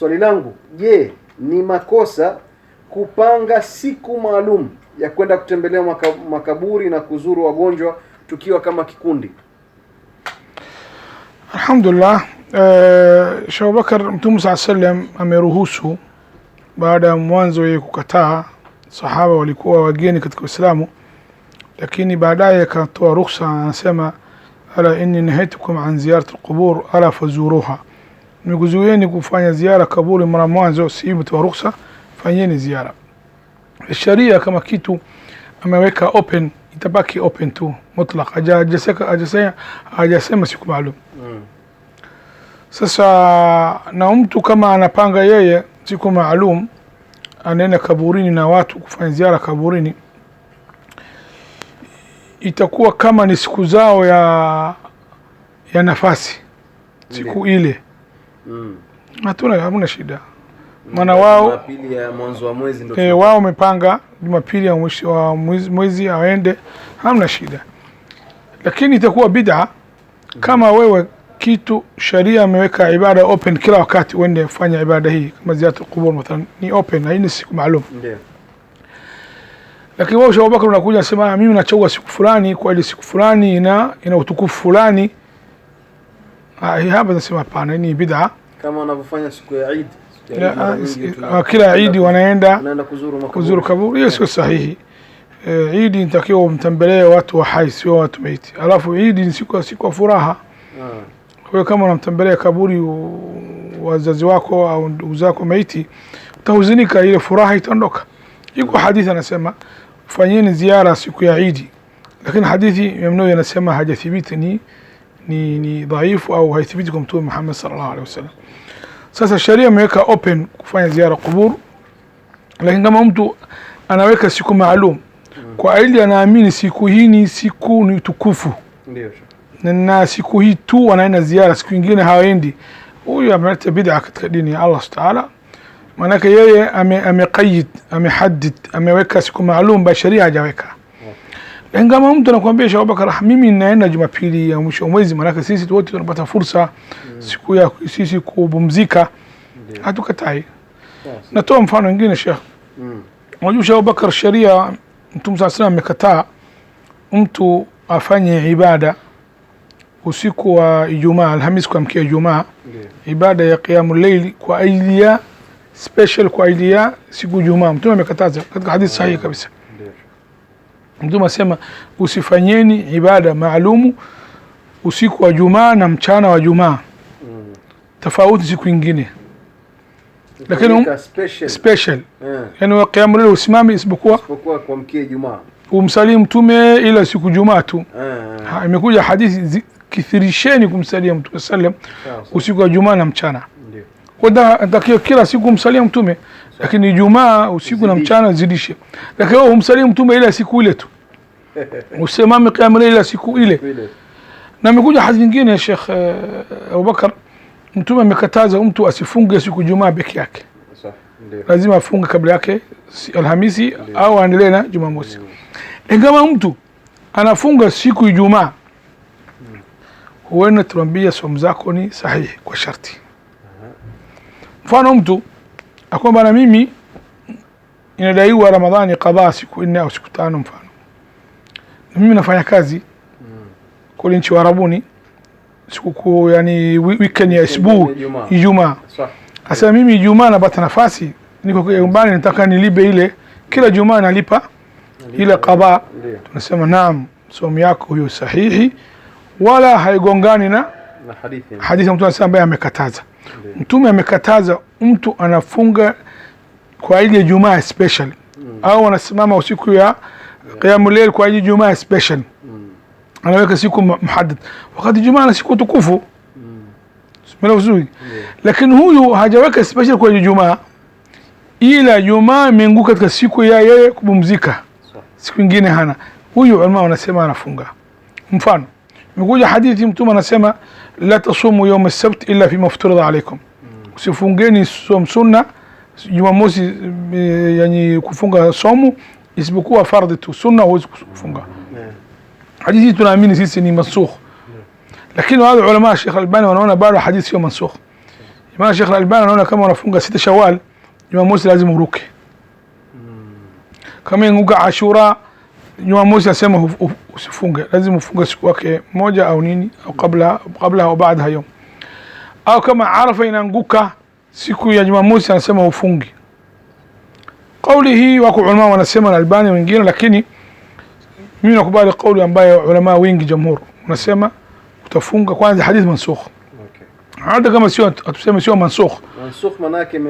Swali langu, je, ni makosa kupanga siku maalum ya kwenda kutembelea makaburi na kuzuru wagonjwa tukiwa kama kikundi? Alhamdulillah, uh, Sheikh Abubakar Mtume saa sallam ameruhusu baada ya mwanzo yeye kukataa. Sahaba walikuwa wageni katika Uislamu, lakini baadaye akatoa ruhusa, anasema ala inni nahaitukum an ziyarati alqubur ala fazuruha nimekuzuieni kufanya ziara kaburi mara mwanzo, si mtoa ruhusa, fanyeni ziara. Sharia kama kitu ameweka open, itabaki open tu mutlaq, ajasema siku maalum. Mm. Sasa na mtu kama anapanga yeye siku maalum anaenda kaburini na watu kufanya ziara kaburini, itakuwa kama ni siku zao ya ya nafasi siku ile mm. hatuna, hamna shida, mm, maana wao eh, wao wamepanga Jumapili ya mwisho wa mwezi mwezi aende, hamna shida, lakini itakuwa bid'a kama mm. wewe kitu sharia ameweka ibada open kila wakati uende fanya ibada hii, kama ziyarat qubur mathalan ni open, na ni siku maalum yeah. Lakini wewe Sheikh Abubakar unakuja sema ah, mimi nachagua siku fulani kwa ile siku fulani ina ina utukufu fulani Ah, hapa nasema hapana, ni bidaa kama wanavyofanya siku ya Eid ah, ah, kila idi wanaenda kuzuru kaburi. Hiyo sio sahihi. Eh, idi inatakiwa umtembelee watu wa hai, sio watu maiti. Alafu idi ni siku siku ya furaha. Kwa hiyo kama unamtembelea kaburi wazazi wako au ndugu zako maiti, utahuzunika, ile furaha itaondoka. Iko hadithi anasema fanyeni ziara siku ya idi, lakini hadithi memnuu anasema hajathibiti ni ni, ni dhaifu au haithibiti kwa Mtume Muhammad sallallahu alaihi wasallam. Sasa sharia imeweka open kufanya ziara kubur, lakini kama mtu anaweka siku maalum kwa ajili anaamini siku hii ni siku ni tukufu na siku hii tu wanaenda ziara, siku nyingine hawaendi, huyu ameleta bid'a katika dini ya Allah subhanahu wa ta'ala. Maanake yeye amekayid, amehadid, ameweka siku maalum, ba sharia hajaweka En kama mtu anakuambia Sheikh Abubakar, ah, mimi ninaenda Jumapili ya mwisho wa mwezi, maanake sisi wote tunapata fursa siku ya sisi kupumzika, hatukatai. Natoa mfano mwingine Sheikh. Mm. Unajua Sheikh Abubakar, sheria Mtume sasa sana amekataa mtu afanye ibada usiku wa Ijumaa, Alhamisi kuamkia Ijumaa, ibada ya qiyamu layl kwa ajili ya special, kwa ajili ya siku Ijumaa. Mtume amekataza katika hadithi sahihi kabisa. Mtume asema usifanyeni ibada maalumu usiku wa Jumaa na mchana wa Jumaa mm. tofauti siku ingine, lakini um, special yani kiamu leo usimami isipokuwa umsalimu mtume ila siku Jumaa tu. Ah, ah. Imekuja hadithi, kithirisheni kumsalia mtume sallam usiku wa Jumaa na mchana kwenda Natakiwa kila siku umsalia Mtume, lakini Ijumaa usiku na mchana zidishe. Lakini wewe umsalia Mtume ile siku ile tu, usimame kiamu ile siku ile. Na mikuja hadithi nyingine ya Sheikh eh, Abubakar, Mtume amekataza mtu asifunge siku Ijumaa peke yake, lazima afunge kabla yake Alhamisi au aendelee na Jumamosi. Ingawa eh, mtu anafunga siku Ijumaa, huenda tuambia somo zako ni sahihi kwa sharti Mfano mtu akwamba na mimi inadaiwa Ramadhani kadhaa siku nne au siku tano, mfano na mimi nafanya kazi kule nchi Warabuni sikukuu yani weekend ya isbu Ijumaa. asema mimi Ijumaa napata nafasi, niko nyumbani, nataka nilipe ile kila Jumaa nalipa ile qadha. Tunasema naam, somu yako hiyo sahihi, wala haigongani na hadithi ya mtu anasema ambaye amekataza Mtume amekataza mtu anafunga kwa ajili ya Jumaa special mm. au anasimama usiku ya qiyamul layl kwa ajili ya Jumaa special mm. anaweka siku muhaddad, wakati Jumaa ni siku tukufu mm. yeah. Lakini huyu hajaweka special kwa Jumaa, ila Jumaa imeinguka katika siku ya yeye kupumzika, siku ingine hana. Huyu ulama wanasema anafunga mfano Nikuja hadithi Mtume anasema la tasumu yauma sabt illa fima uftiridha alaikum, usifungeni som sunna Jumamosi e, yani kufunga somu isipokuwa fardhi tu, sunna huwezi kufunga. Hadithi tunaamini sisi ni mansukh, lakini wale ulama Sheikh Albani wanaona bado hadithi sio mansukh. Imam Sheikh Albani anaona kama wanafunga sita Shawwal, Jumamosi lazima uruke, kama inguka Ashura Jumamosi asema usifunge, lazima ufunge siku yake moja au nini au kabla kabla au baada hayo, au kama arafa inaanguka siku ya Jumamosi anasema ufunge. Kauli hii wako ulama wanasema na Albani wengine, lakini mimi nakubali kauli ambayo ulama wengi jamhur unasema utafunga kwanza, hadithi mansukh hata kama sio, tuseme sio mansukh, mansukh maana yake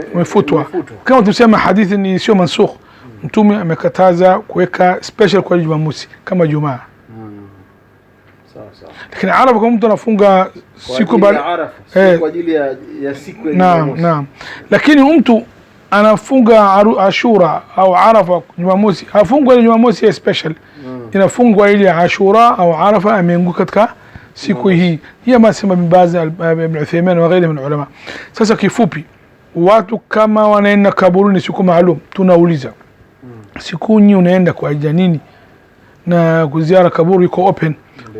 kama tuseme hadithi ni sio mansukh Mtume amekataza kuweka special kwa Jumamosi kama Jumaa sawa sawa, lakini Arafa kama mtu anafunga siku bali eh. kwa ajili ya, ya siku ya Jumamosi. naam naam, lakini mtu anafunga Ashura au Arafa Jumamosi, hafungwa ile Jumamosi ya special hmm. inafungwa ile Ashura au Arafa, ameinguka katika siku hii hii, amasema Ibn Baz Ibn Uthaymeen na wengine min ulama. Sasa kifupi, watu kama wanaenda kaburuni siku maalum, tunauliza Mm siku nyi unaenda kwa ajili ya nini? Na kuziara kaburi iko open,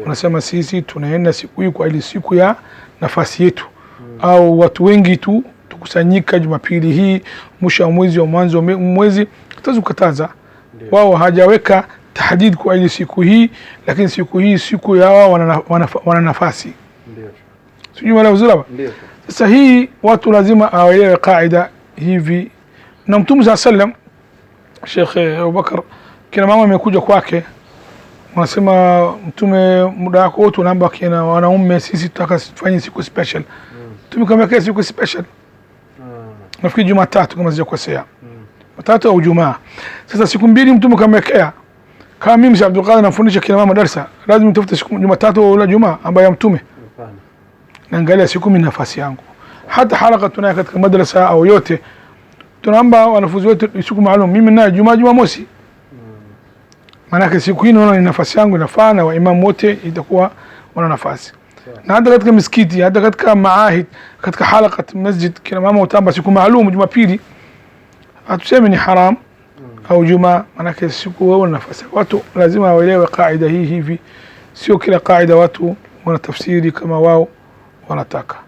unasema sisi tunaenda siku hii kwa ajili siku ya nafasi yetu mm. au watu wengi tu tukusanyika Jumapili hii mwisho wa mwezi wa mwanzo mwezi, kukataza. wao. Hajaweka tahdid kwa ajili siku hii, lakini siku hii siku ya wao wana, wana, wana nafasi sijui sijumalauzuraba. Sasa hii watu lazima awaelewe kaida hivi na Mtume sallallahu alayhi wasallam Sheikh Abubakar, kina mama amekuja kwake, wanasema Mtume, muda wako wote unaomba kina wanaume, sisi tutaka tufanye siku special. Mm. Tumekuambia kama siku special mm. nafikiri Jumatatu kama sijakosea, mm. Jumatatu au Ijumaa. Sasa siku mbili Mtume kamwekea kama mimi Sheikh Abdul Qadir nafundisha kina mama darasa, lazima nitafute siku Jumatatu au la Jumaa ambayo ya Mtume. Naangalia siku mimi nafasi yangu, hata halaka tunayo katika madrasa au yote tunaomba wanafunzi wetu siku maalum, mimi nayo Jumaa Jumamosi mosi, maanake siku hii naona ni nafasi yangu inafaa, na waimamu wote itakuwa wana nafasi na hata katika misikiti, hata katika maahid, katika halaka masjid, kina mama utamba siku maalum Jumapili. Hatusemi ni haram hmm. au Jumaa, maanake siku wewe nafasi. Watu lazima waelewe kaida hii hivi, sio kila kaida watu wanatafsiri kama wao wanataka.